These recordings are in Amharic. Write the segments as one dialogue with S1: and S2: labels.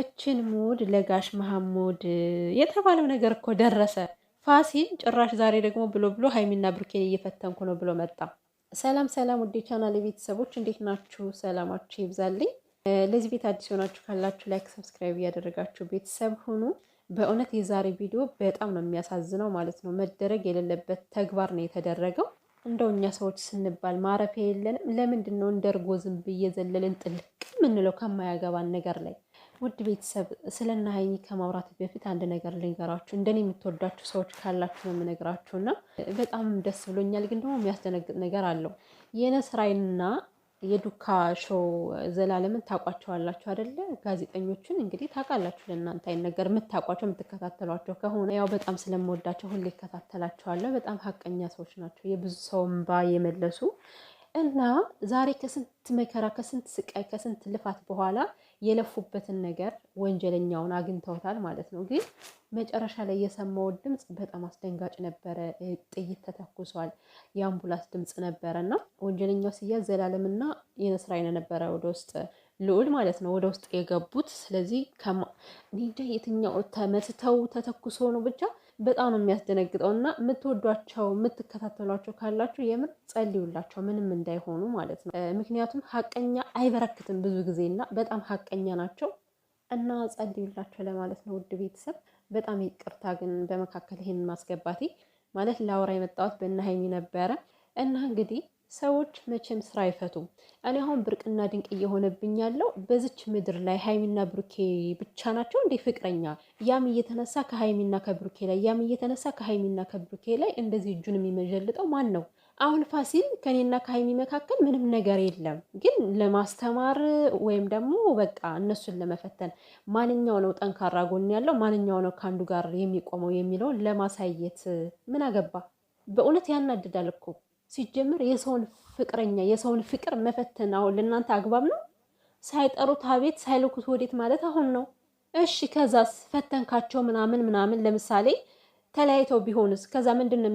S1: እችን ሙድ ለጋሽ መሐሙድ የተባለው ነገር እኮ ደረሰ። ፋሲል ጭራሽ ዛሬ ደግሞ ብሎ ብሎ ሀይሚና ብሩኬን እየፈተንኩ ነው ብሎ መጣ። ሰላም ሰላም፣ ውዴ ቻናል ቤተሰቦች እንዴት ናችሁ? ሰላማችሁ ይብዛልኝ። ለዚህ ቤት አዲስ የሆናችሁ ካላችሁ ላይክ፣ ሰብስክራይብ እያደረጋችሁ ቤተሰብ ሁኑ። በእውነት የዛሬ ቪዲዮ በጣም ነው የሚያሳዝነው ማለት ነው። መደረግ የሌለበት ተግባር ነው የተደረገው። እንደው እኛ ሰዎች ስንባል ማረፊያ የለንም። ለምንድን ነው እንደ እርጎ ዝንብ እየዘለልን ጥልቅ የምንለው ከማያገባን ነገር ላይ? ውድ ቤተሰብ ስለ እነ ሀይሚ ከማውራት በፊት አንድ ነገር ልንገራችሁ። እንደኔ የምትወዳችሁ ሰዎች ካላችሁ ነው የምነግራችሁ እና በጣም ደስ ብሎኛል። ግን ደግሞ የሚያስደነግጥ ነገር አለው የነስራይና የዱካ ሾው ዘላለምን ታውቋቸዋላችሁ አደለ? ጋዜጠኞቹን እንግዲህ ታውቃላችሁ። ለእናንተ አይን ነገር የምታውቋቸው የምትከታተሏቸው ከሆነ ያው በጣም ስለምወዳቸው ሁሌ ይከታተላቸዋለሁ። በጣም ሀቀኛ ሰዎች ናቸው፣ የብዙ ሰው የመለሱ እና ዛሬ ከስንት መከራ ከስንት ስቃይ ከስንት ልፋት በኋላ የለፉበትን ነገር ወንጀለኛውን አግኝተውታል ማለት ነው ግን መጨረሻ ላይ የሰማው ድምፅ በጣም አስደንጋጭ ነበረ። ጥይት ተተኩሷል። የአምቡላንስ ድምፅ ነበረ እና ወንጀለኛው ሲያዝ ዘላለምና የነስራይን ነበረ ወደ ውስጥ ልዑል ማለት ነው ወደ ውስጥ የገቡት። ስለዚህ እንጃ የትኛው ተመትተው ተተኩሶ ነው ብቻ በጣም ነው የሚያስደነግጠው። እና የምትወዷቸው የምትከታተሏቸው ካላችሁ የምር ጸልዩላቸው፣ ምንም እንዳይሆኑ ማለት ነው። ምክንያቱም ሀቀኛ አይበረክትም ብዙ ጊዜ እና በጣም ሀቀኛ ናቸው እና ጸልዩላቸው ለማለት ነው ውድ ቤተሰብ። በጣም ይቅርታ ግን በመካከል ይህን ማስገባቴ ማለት ላውራ የመጣሁት በእነ ሀይሚ ነበረ እና እንግዲህ ሰዎች መቼም ስራ አይፈቱም። እኔ አሁን ብርቅና ድንቅ እየሆነብኝ ያለው በዚች ምድር ላይ ሀይሚና ብሩኬ ብቻ ናቸው እንዴ ፍቅረኛ? ያም እየተነሳ ከሀይሚና ከብሩኬ ላይ ያም እየተነሳ ከሀይሚና ከብሩኬ ላይ እንደዚህ እጁን የሚመጀልጠው ማን ነው? አሁን ፋሲል ከኔና ከሀይሚ መካከል ምንም ነገር የለም፣ ግን ለማስተማር ወይም ደግሞ በቃ እነሱን ለመፈተን ማንኛው ነው ጠንካራ ጎን ያለው ማንኛው ነው ከአንዱ ጋር የሚቆመው የሚለውን ለማሳየት ምን አገባ። በእውነት ያናድዳል እኮ ሲጀምር የሰውን ፍቅረኛ የሰውን ፍቅር መፈተን አሁን ለእናንተ አግባብ ነው? ሳይጠሩት አቤት ሳይልኩት ወዴት ማለት አሁን ነው። እሺ ከዛስ ፈተንካቸው ምናምን ምናምን ለምሳሌ ተለያይተው ቢሆንስ ከዛ ምንድን ነው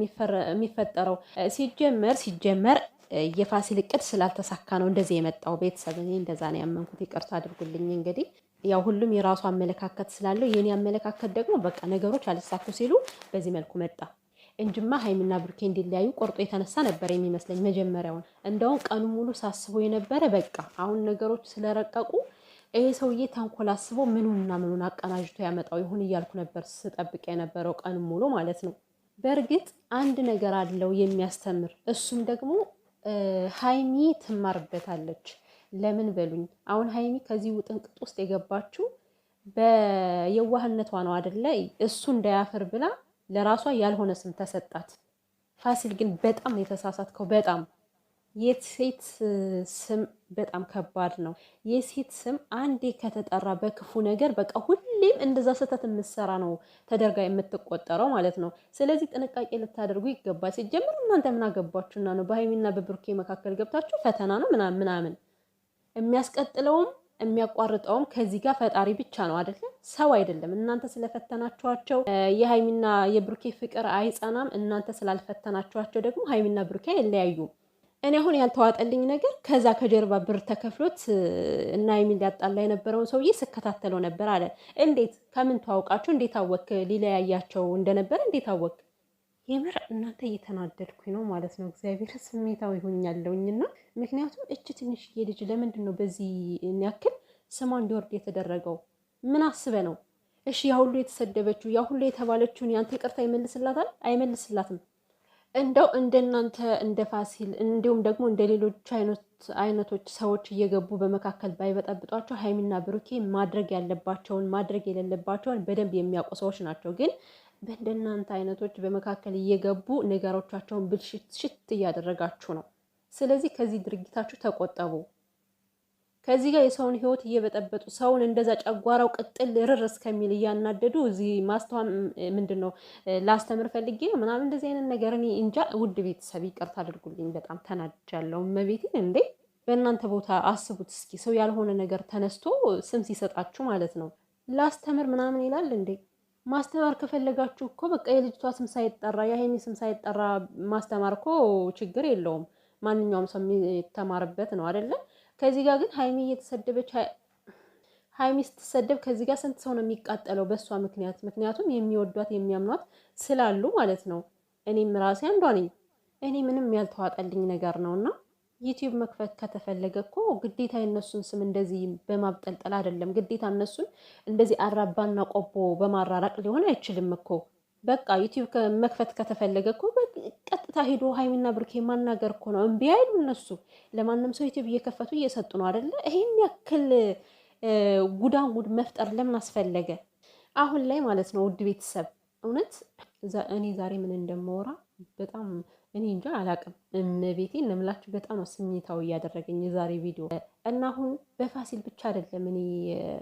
S1: የሚፈጠረው? ሲጀመር ሲጀመር የፋሲል እቅድ ስላልተሳካ ነው እንደዚህ የመጣው ቤተሰብ። እኔ እንደዛ ነው ያመንኩት። ይቅርታ አድርጉልኝ። እንግዲህ ያው ሁሉም የራሱ አመለካከት ስላለው የኔ አመለካከት ደግሞ በቃ ነገሮች አልሳኩ ሲሉ በዚህ መልኩ መጣ እንጅማ ሀይሚና ብሩኬ እንዲለያዩ ቆርጦ የተነሳ ነበር የሚመስለኝ መጀመሪያውን። እንደውም ቀኑ ሙሉ ሳስቦ የነበረ በቃ አሁን ነገሮች ስለረቀቁ ይሄ ሰውዬ ተንኮል አስቦ ምኑንና ምኑን አቀናጅቶ ያመጣው ይሁን እያልኩ ነበር ስጠብቅ የነበረው ቀን ሙሉ ማለት ነው። በእርግጥ አንድ ነገር አለው የሚያስተምር፣ እሱም ደግሞ ሀይሚ ትማርበታለች። ለምን በሉኝ፣ አሁን ሀይሚ ከዚህ ውጥንቅጥ ውስጥ የገባችው በየዋህነቷ ነው አደለ? እሱ እንዳያፍር ብላ ለራሷ ያልሆነ ስም ተሰጣት። ፋሲል ግን በጣም የተሳሳትከው በጣም የሴት ስም በጣም ከባድ ነው። የሴት ስም አንዴ ከተጠራ በክፉ ነገር በቃ ሁሌም እንደዛ ስህተት የምትሰራ ነው ተደርጋ የምትቆጠረው ማለት ነው። ስለዚህ ጥንቃቄ ልታደርጉ ይገባል። ሲጀምር እናንተ ምን አገባችሁና ነው በሀይሚና በብሩኬ መካከል ገብታችሁ ፈተና ነው ምናምን የሚያስቀጥለውም የሚያቋርጠውም ከዚህ ጋር ፈጣሪ ብቻ ነው አይደለም፣ ሰው አይደለም። እናንተ ስለፈተናችኋቸው የሀይሚና የብሩኬ ፍቅር አይጸናም። እናንተ ስላልፈተናችኋቸው ደግሞ ሀይሚና ብሩኬ አይለያዩም። እኔ አሁን ያልተዋጠልኝ ነገር ከዛ ከጀርባ ብር ተከፍሎት እና የሚል ያጣላ የነበረውን ሰውዬ ስከታተለው ነበር አለ። እንዴት ከምን ተዋውቃችሁ እንዴት አወክ? ሊለያያቸው እንደነበረ እንዴት አወክ? የምር እናንተ እየተናደድኩኝ ነው ማለት ነው። እግዚአብሔር ስሜታዊ እና ምክንያቱም እች ትንሽዬ ልጅ ለምንድን ነው በዚህ ያክል ስማ እንዲወርድ የተደረገው? ምን አስበ ነው? እሺ ያ ሁሉ የተሰደበችው ያ ሁሉ የተባለችውን ያንተ ቅርታ ይመልስላታል? አይመልስላትም። እንደው እንደናንተ እንደ ፋሲል እንዲሁም ደግሞ እንደ ሌሎች አይነቶች ሰዎች እየገቡ በመካከል ባይበጠብጧቸው ሀይሚና ብሩኬ ማድረግ ያለባቸውን ማድረግ የሌለባቸውን በደንብ የሚያውቁ ሰዎች ናቸው። ግን በእንደናንተ አይነቶች በመካከል እየገቡ ነገሮቻቸውን ብልሽት ሽት እያደረጋችሁ ነው። ስለዚህ ከዚህ ድርጊታችሁ ተቆጠቡ። ከዚህ ጋር የሰውን ህይወት እየበጠበጡ ሰውን እንደዛ ጨጓራው ቅጥል ርር እስከሚል እያናደዱ እዚህ ማስተዋል ምንድን ነው ላስተምር ፈልጌ ነው ምናምን እንደዚህ አይነት ነገር እኔ እንጃ። ውድ ቤተሰብ ይቅርታ አድርጉልኝ፣ በጣም ተናድጃለሁ። እመቤቴን እንዴ በእናንተ ቦታ አስቡት እስኪ ሰው ያልሆነ ነገር ተነስቶ ስም ሲሰጣችሁ ማለት ነው። ላስተምር ምናምን ይላል እንዴ። ማስተማር ከፈለጋችሁ እኮ በቃ የልጅቷ ስም ሳይጠራ የሀይሚ ስም ሳይጠራ ማስተማር እኮ ችግር የለውም። ማንኛውም ሰው የሚተማርበት ነው አይደለም። ከዚህ ጋር ግን ሀይሚ እየተሰደበች ሀይሚ ስትሰደብ ከዚህ ጋር ስንት ሰው ነው የሚቃጠለው በእሷ ምክንያት? ምክንያቱም የሚወዷት የሚያምኗት ስላሉ ማለት ነው። እኔም ራሴ አንዷ ነኝ። እኔ ምንም ያልተዋጠልኝ ነገር ነው እና ዩቲዩብ መክፈት ከተፈለገ እኮ ግዴታ የነሱን ስም እንደዚህ በማብጠልጠል አይደለም። ግዴታ እነሱን እንደዚህ አራባና ቆቦ በማራራቅ ሊሆን አይችልም እኮ። በቃ ዩቲዩብ መክፈት ከተፈለገ እኮ ቀጥታ ሄዶ ሀይሚና ብሩኬ ማናገር እኮ ነው። እምቢ አይሉ እነሱ ለማንም ሰው ዩቲዩብ እየከፈቱ እየሰጡ ነው አደለ? ይሄን ያክል ጉድ መፍጠር ለምን አስፈለገ? አሁን ላይ ማለት ነው ውድ ቤተሰብ እውነት እኔ ዛሬ ምን እንደማወራ በጣም እኔ እንጃ አላቅም። እመቤቴ እምላችሁ በጣም ነው ስሜታዊ እያደረገኝ የዛሬ ቪዲዮ እና አሁን በፋሲል ብቻ አይደለም እኔ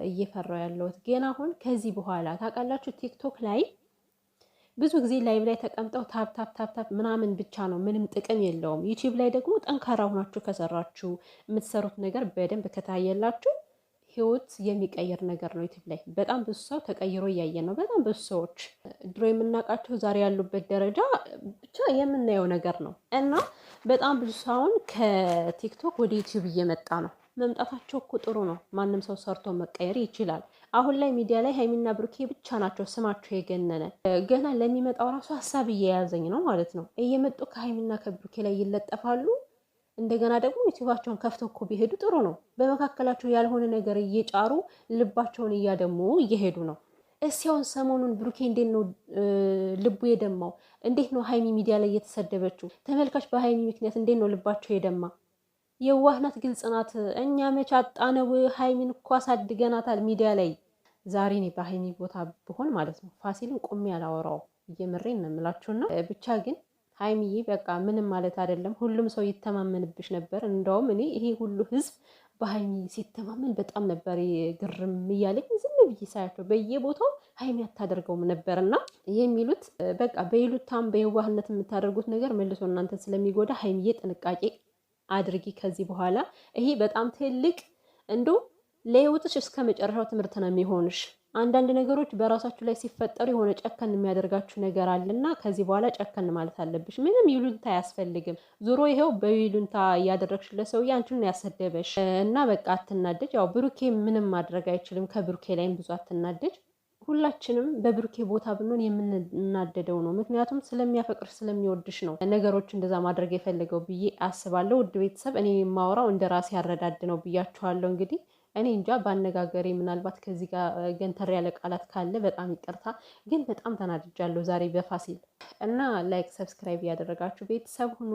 S1: እየፈራው ያለሁት ገና አሁን ከዚህ በኋላ ታውቃላችሁ ቲክቶክ ላይ ብዙ ጊዜ ላይቭ ላይ ተቀምጠው ታፕ ታፕ ታፕ ታፕ ምናምን ብቻ ነው፣ ምንም ጥቅም የለውም። ዩቲዩብ ላይ ደግሞ ጠንካራ ሆናችሁ ከሰራችሁ የምትሰሩት ነገር በደንብ ከታየላችሁ ህይወት የሚቀይር ነገር ነው። ዩቲዩብ ላይ በጣም ብዙ ሰው ተቀይሮ እያየን ነው። በጣም ብዙ ሰዎች ድሮ የምናውቃቸው ዛሬ ያሉበት ደረጃ ብቻ የምናየው ነገር ነው እና በጣም ብዙ ሰውን ከቲክቶክ ወደ ዩቲዩብ እየመጣ ነው። መምጣታቸው እኮ ጥሩ ነው። ማንም ሰው ሰርቶ መቀየር ይችላል። አሁን ላይ ሚዲያ ላይ ሀይሚና ብሩኬ ብቻ ናቸው ስማቸው የገነነ። ገና ለሚመጣው ራሱ ሀሳብ እየያዘኝ ነው ማለት ነው። እየመጡ ከሀይሚና ከብሩኬ ላይ ይለጠፋሉ። እንደገና ደግሞ ዩቲዩባቸውን ከፍተው እኮ ቢሄዱ ጥሩ ነው። በመካከላቸው ያልሆነ ነገር እየጫሩ ልባቸውን እያደሙ እየሄዱ ነው። እስያውን ሰሞኑን ብሩኬ እንዴት ነው ልቡ የደማው? እንዴት ነው ሀይሚ ሚዲያ ላይ እየተሰደበችው? ተመልካች በሀይሚ ምክንያት እንዴት ነው ልባቸው የደማ? የዋህናት ግልጽ ናት። እኛ መች አጣነው? ሀይሚን እኮ አሳድገናታል ሚዲያ ላይ። ዛሬ እኔ በሀይሚ ቦታ ብሆን ማለት ነው ፋሲልን ቆሜ ያላወራው እየምሬን ነው የምላችሁና ብቻ ግን ሀይሚዬ በቃ ምንም ማለት አይደለም። ሁሉም ሰው ይተማመንብሽ ነበር። እንደውም እኔ ይሄ ሁሉ ህዝብ በሀይሚ ሲተማመን በጣም ነበር ግርም እያለኝ ዝም ብዬ ሳያቸው በየቦታው ሀይሚ አታደርገውም ነበር እና የሚሉት በቃ በይሉታም በየዋህነት የምታደርጉት ነገር መልሶ እናንተን ስለሚጎዳ ሀይሚዬ ጥንቃቄ አድርጊ ከዚህ በኋላ ይሄ በጣም ትልቅ እንዶ ለህይወትሽ እስከ መጨረሻው ትምህርት ነው የሚሆንሽ። አንዳንድ ነገሮች በራሳችሁ ላይ ሲፈጠሩ የሆነ ጨከን የሚያደርጋችሁ ነገር አለና ከዚህ በኋላ ጨከን ማለት አለብሽ። ምንም ይሉንታ አያስፈልግም። ዞሮ ይኸው በይሉንታ እያደረግሽ ለሰውዬ አንቺን ያሰደበሽ እና በቃ አትናደጅ። ያው ብሩኬ ምንም ማድረግ አይችልም። ከብሩኬ ላይም ብዙ አትናደጅ። ሁላችንም በብሩኬ ቦታ ብንሆን የምንናደደው ነው። ምክንያቱም ስለሚያፈቅርሽ ስለሚወድሽ ነው ነገሮች እንደዛ ማድረግ የፈለገው ብዬ አስባለሁ። ውድ ቤተሰብ እኔ የማወራው እንደ ራሴ ያረዳድ ነው ብያችኋለሁ። እንግዲህ እኔ እንጃ በአነጋገሬ ምናልባት ከዚህ ጋር ገንተር ያለ ቃላት ካለ በጣም ይቅርታ፣ ግን በጣም ተናድጃለሁ ዛሬ በፋሲል እና ላይክ ሰብስክራይብ ያደረጋችሁ ቤተሰብ ሁኑ።